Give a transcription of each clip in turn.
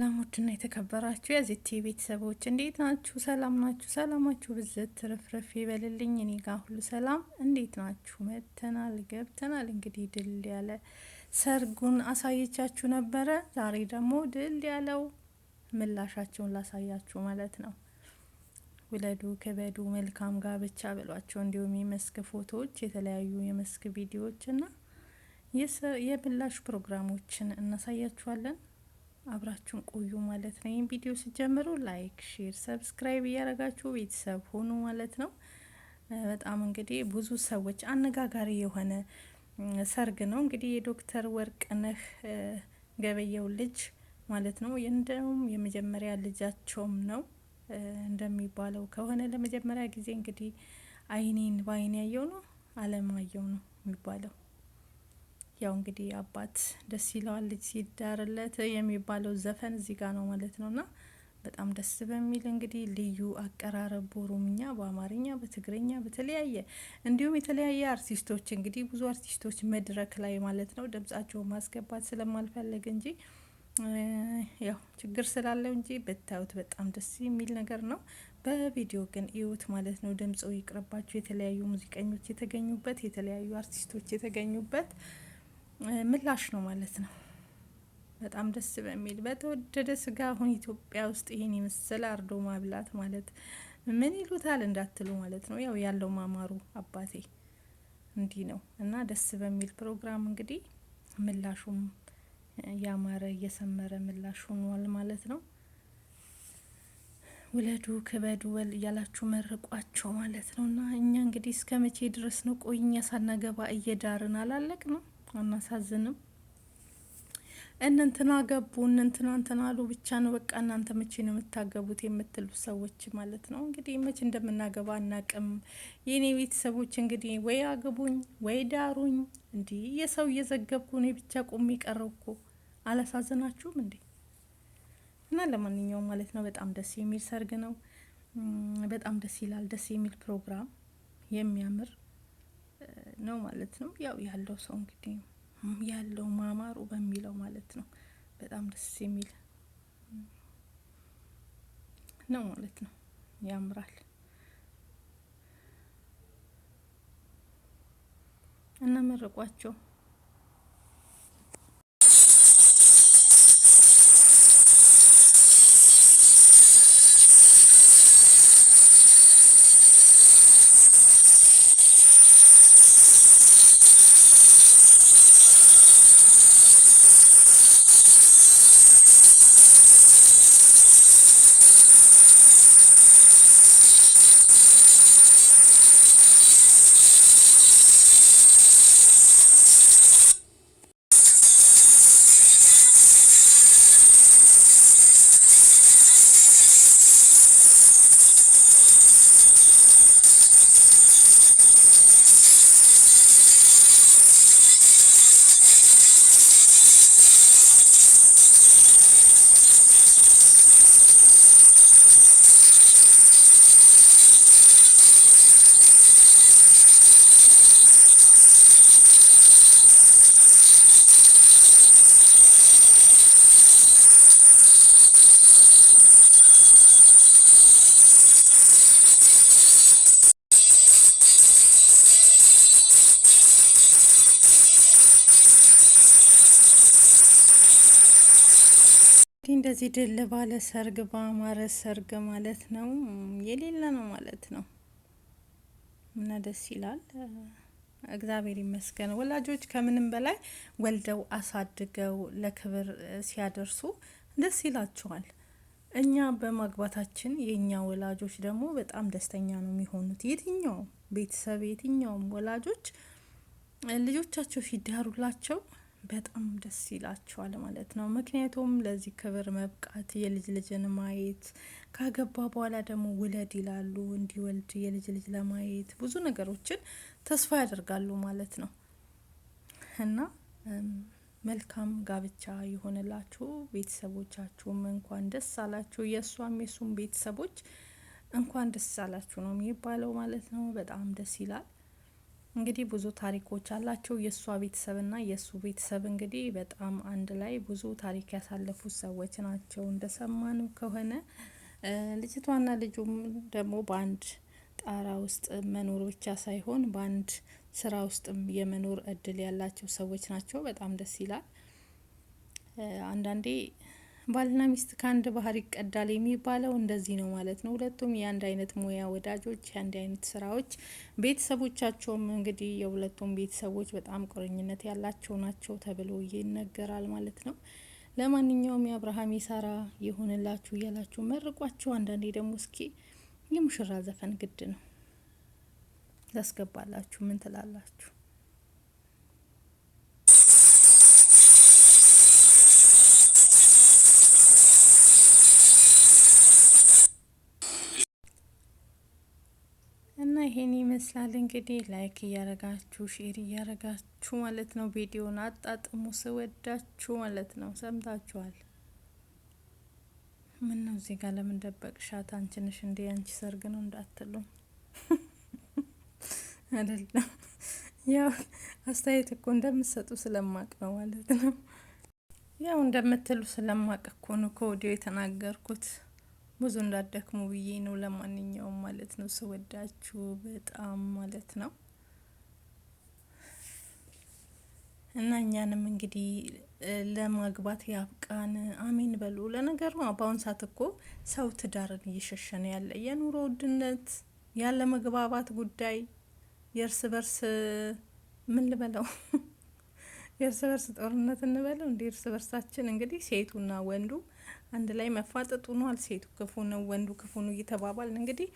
ሰላሞችና የተከበራችሁ የዜቴ ቤተሰቦች እንዴት ናችሁ? ሰላም ናችሁ? ሰላማችሁ ብዝት ትርፍርፍ ይበልልኝ። እኔ ጋር ሁሉ ሰላም። እንዴት ናችሁ? መጥተናል ገብተናል። እንግዲህ ድል ያለ ሰርጉን አሳየቻችሁ ነበረ። ዛሬ ደግሞ ድል ያለው ምላሻቸውን ላሳያችሁ ማለት ነው። ውለዱ፣ ክበዱ፣ መልካም ጋብቻ ብሏቸው እንዲሁም የመስክ ፎቶዎች፣ የተለያዩ የመስክ ቪዲዮዎችና የምላሽ ፕሮግራሞችን እናሳያችኋለን። አብራችሁን ቆዩ ማለት ነው። ይህን ቪዲዮ ሲጀምሩ ላይክ፣ ሼር፣ ሰብስክራይብ እያደረጋችሁ ቤተሰብ ሆኑ ማለት ነው። በጣም እንግዲህ ብዙ ሰዎች አነጋጋሪ የሆነ ሰርግ ነው እንግዲህ የዶክተር ወርቅነህ ገበየው ልጅ ማለት ነው። እንደውም የመጀመሪያ ልጃቸውም ነው እንደሚባለው ከሆነ ለመጀመሪያ ጊዜ እንግዲህ አይኔን በአይን ያየው ነው አለማየው ነው የሚባለው ያው እንግዲህ አባት ደስ ይለዋል ልጅ ሲዳርለት የሚባለው ዘፈን እዚህ ጋር ነው ማለት ነው። ና በጣም ደስ በሚል እንግዲህ ልዩ አቀራረብ በኦሮምኛ፣ በአማርኛ፣ በትግርኛ በተለያየ እንዲሁም የተለያየ አርቲስቶች እንግዲህ ብዙ አርቲስቶች መድረክ ላይ ማለት ነው ድምጻቸው ማስገባት ስለማልፈለግ እንጂ ያው ችግር ስላለው እንጂ ብታዩት በጣም ደስ የሚል ነገር ነው። በቪዲዮ ግን እዩት ማለት ነው። ድምፁ ይቅርባችሁ። የተለያዩ ሙዚቀኞች የተገኙበት፣ የተለያዩ አርቲስቶች የተገኙበት ምላሽ ነው ማለት ነው። በጣም ደስ በሚል በተወደደ ስጋ አሁን ኢትዮጵያ ውስጥ ይሄን የመሰለ አርዶ ማብላት ማለት ምን ይሉታል እንዳትሉ ማለት ነው። ያው ያለው ማማሩ አባቴ እንዲህ ነው እና ደስ በሚል ፕሮግራም እንግዲህ ምላሹም ያማረ እየሰመረ ምላሽ ሆኗል ማለት ነው። ውለዱ ክበዱ ወል እያላችሁ መርቋቸው ማለት ነው እና እኛ እንግዲህ እስከ መቼ ድረስ ነው ቆይኛ ሳናገባ እየዳርን አላለቅ ነው። አናሳዝንም። እንንትና ገቡ እንንትና እንትን አሉ ብቻ ነው በቃ። እናንተ መቼ ነው የምታገቡት የምትሉ ሰዎች ማለት ነው። እንግዲህ መቼ እንደምናገባ አናቅም። የእኔ ቤተሰቦች እንግዲህ ወይ አግቡኝ ወይ ዳሩኝ። እንዲህ የሰው እየዘገብኩ እኔ ብቻ ቁሚ ቀረው እኮ አላሳዝናችሁም እንዴ? እና ለማንኛውም ማለት ነው በጣም ደስ የሚል ሰርግ ነው። በጣም ደስ ይላል። ደስ የሚል ፕሮግራም የሚያምር ነው ማለት ነው። ያው ያለው ሰው እንግዲህ ያለው ማማሩ በሚለው ማለት ነው። በጣም ደስ የሚል ነው ማለት ነው። ያምራል እና መረቋቸው እንደዚህ ድል ባለ ሰርግ በአማረ ሰርግ ማለት ነው የሌለ ነው ማለት ነው። እና ደስ ይላል። እግዚአብሔር ይመስገን። ወላጆች ከምንም በላይ ወልደው አሳድገው ለክብር ሲያደርሱ ደስ ይላቸዋል። እኛ በማግባታችን የእኛ ወላጆች ደግሞ በጣም ደስተኛ ነው የሚሆኑት። የትኛውም ቤተሰብ የትኛውም ወላጆች ልጆቻቸው ሲዳሩላቸው በጣም ደስ ይላቸዋል ማለት ነው። ምክንያቱም ለዚህ ክብር መብቃት የልጅ ልጅን ማየት ካገባ በኋላ ደግሞ ውለድ ይላሉ። እንዲወልድ የልጅ ልጅ ለማየት ብዙ ነገሮችን ተስፋ ያደርጋሉ ማለት ነው እና መልካም ጋብቻ የሆነላችሁ ቤተሰቦቻችሁም እንኳን ደስ አላችሁ። የእሷም የሱም ቤተሰቦች እንኳን ደስ አላችሁ ነው የሚባለው ማለት ነው። በጣም ደስ ይላል። እንግዲህ ብዙ ታሪኮች አላቸው። የእሷ ቤተሰብና የእሱ ቤተሰብ እንግዲህ በጣም አንድ ላይ ብዙ ታሪክ ያሳለፉት ሰዎች ናቸው። እንደሰማኑ ከሆነ ልጅቷና ልጁም ደግሞ በአንድ ጣራ ውስጥ መኖር ብቻ ሳይሆን በአንድ ስራ ውስጥም የመኖር እድል ያላቸው ሰዎች ናቸው። በጣም ደስ ይላል። አንዳንዴ ባልና ሚስት ከአንድ ባህር ይቀዳል የሚባለው እንደዚህ ነው ማለት ነው። ሁለቱም የአንድ አይነት ሙያ ወዳጆች፣ የአንድ አይነት ስራዎች፣ ቤተሰቦቻቸውም እንግዲህ የሁለቱም ቤተሰቦች በጣም ቁርኝነት ያላቸው ናቸው ተብሎ ይነገራል ማለት ነው። ለማንኛውም የአብርሃም የሳራ የሆንላችሁ እያላችሁ መርቋቸው አንዳንዴ ደግሞ እስኪ የሙሽራ ዘፈን ግድ ነው ያስገባላችሁ። ምን ትላላችሁ? ይሄን ይመስላል እንግዲህ ላይክ እያረጋችሁ ሼር እያረጋችሁ ማለት ነው። ቪዲዮን አጣጥሙ ስወዳችሁ ማለት ነው። ሰምታችኋል። ምን ነው እዚህ ጋር ለምን ደበቅሻት? አንቺ ነሽ እንዴ? አንቺ ሰርግ ነው እንዳትሉም አይደለም። ያው አስተያየት እኮ እንደምትሰጡ ስለማቅ ነው ማለት ነው። ያው እንደምትሉ ስለማቅ እኮ ነው ከወዲሁ የተናገርኩት። ብዙ እንዳደክሙ ብዬ ነው። ለማንኛውም ማለት ነው ስወዳችሁ በጣም ማለት ነው እና እኛንም እንግዲህ ለማግባት ያብቃን፣ አሜን በሉ። ለነገሩ በአሁን ሰዓት እኮ ሰው ትዳርን እየሸሸነ ያለ የኑሮ ውድነት ያለ መግባባት ጉዳይ የእርስ በርስ ምን ልበለው የእርስ በርስ ጦርነት እንበለው እንዲ እርስ በርሳችን እንግዲህ ሴቱና ወንዱ አንድ ላይ መፋጠጥ ሆኗል። ሴቱ ክፉ ነው፣ ወንዱ ክፉ ነው እየተባባል እንግዲህ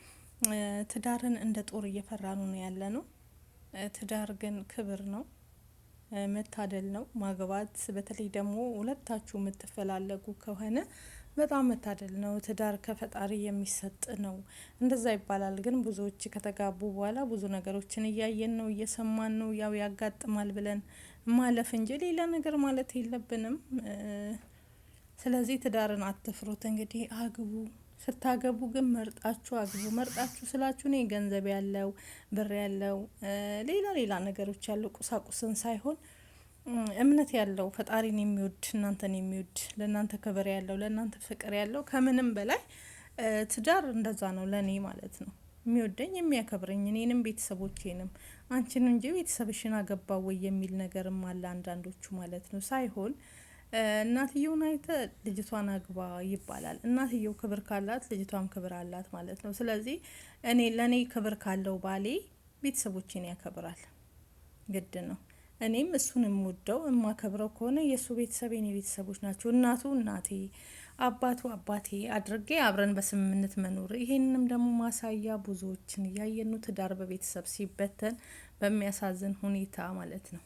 ትዳርን እንደ ጦር እየፈራኑ ነው ያለ ነው። ትዳር ግን ክብር ነው፣ መታደል ነው። ማግባት በተለይ ደግሞ ሁለታችሁ የምትፈላለጉ ከሆነ በጣም መታደል ነው። ትዳር ከፈጣሪ የሚሰጥ ነው እንደዛ ይባላል። ግን ብዙዎች ከተጋቡ በኋላ ብዙ ነገሮችን እያየን ነው፣ እየሰማን ነው። ያው ያጋጥማል ብለን ማለፍ እንጂ ሌላ ነገር ማለት የለብንም። ስለዚህ ትዳርን አትፍሩት። እንግዲህ አግቡ። ስታገቡ ግን መርጣችሁ አግቡ። መርጣችሁ ስላችሁ እኔ ገንዘብ ያለው ብር ያለው ሌላ ሌላ ነገሮች ያለው ቁሳቁስን ሳይሆን እምነት ያለው ፈጣሪን የሚወድ እናንተን የሚወድ ለእናንተ ክብር ያለው ለእናንተ ፍቅር ያለው ከምንም በላይ ትዳር እንደዛ ነው ለእኔ ማለት ነው። የሚወደኝ የሚያከብረኝ እኔንም ቤተሰቦቼንም አንቺን እንጂ ቤተሰብሽን አገባ ወይ የሚል ነገርም አለ አንዳንዶቹ ማለት ነው። ሳይሆን እናትየውን አይተ ልጅቷን አግባ ይባላል። እናትየው ክብር ካላት ልጅቷም ክብር አላት ማለት ነው። ስለዚህ እኔ ለእኔ ክብር ካለው ባሌ ቤተሰቦችን ያከብራል፣ ግድ ነው። እኔም እሱን የምወደው የማከብረው ከሆነ የእሱ ቤተሰብ የኔ ቤተሰቦች ናቸው። እናቱ እናቴ አባቱ አባቴ አድርጌ አብረን በስምምነት መኖር። ይሄንንም ደግሞ ማሳያ ብዙዎችን እያየኑ ትዳር በቤተሰብ ሲበተን በሚያሳዝን ሁኔታ ማለት ነው።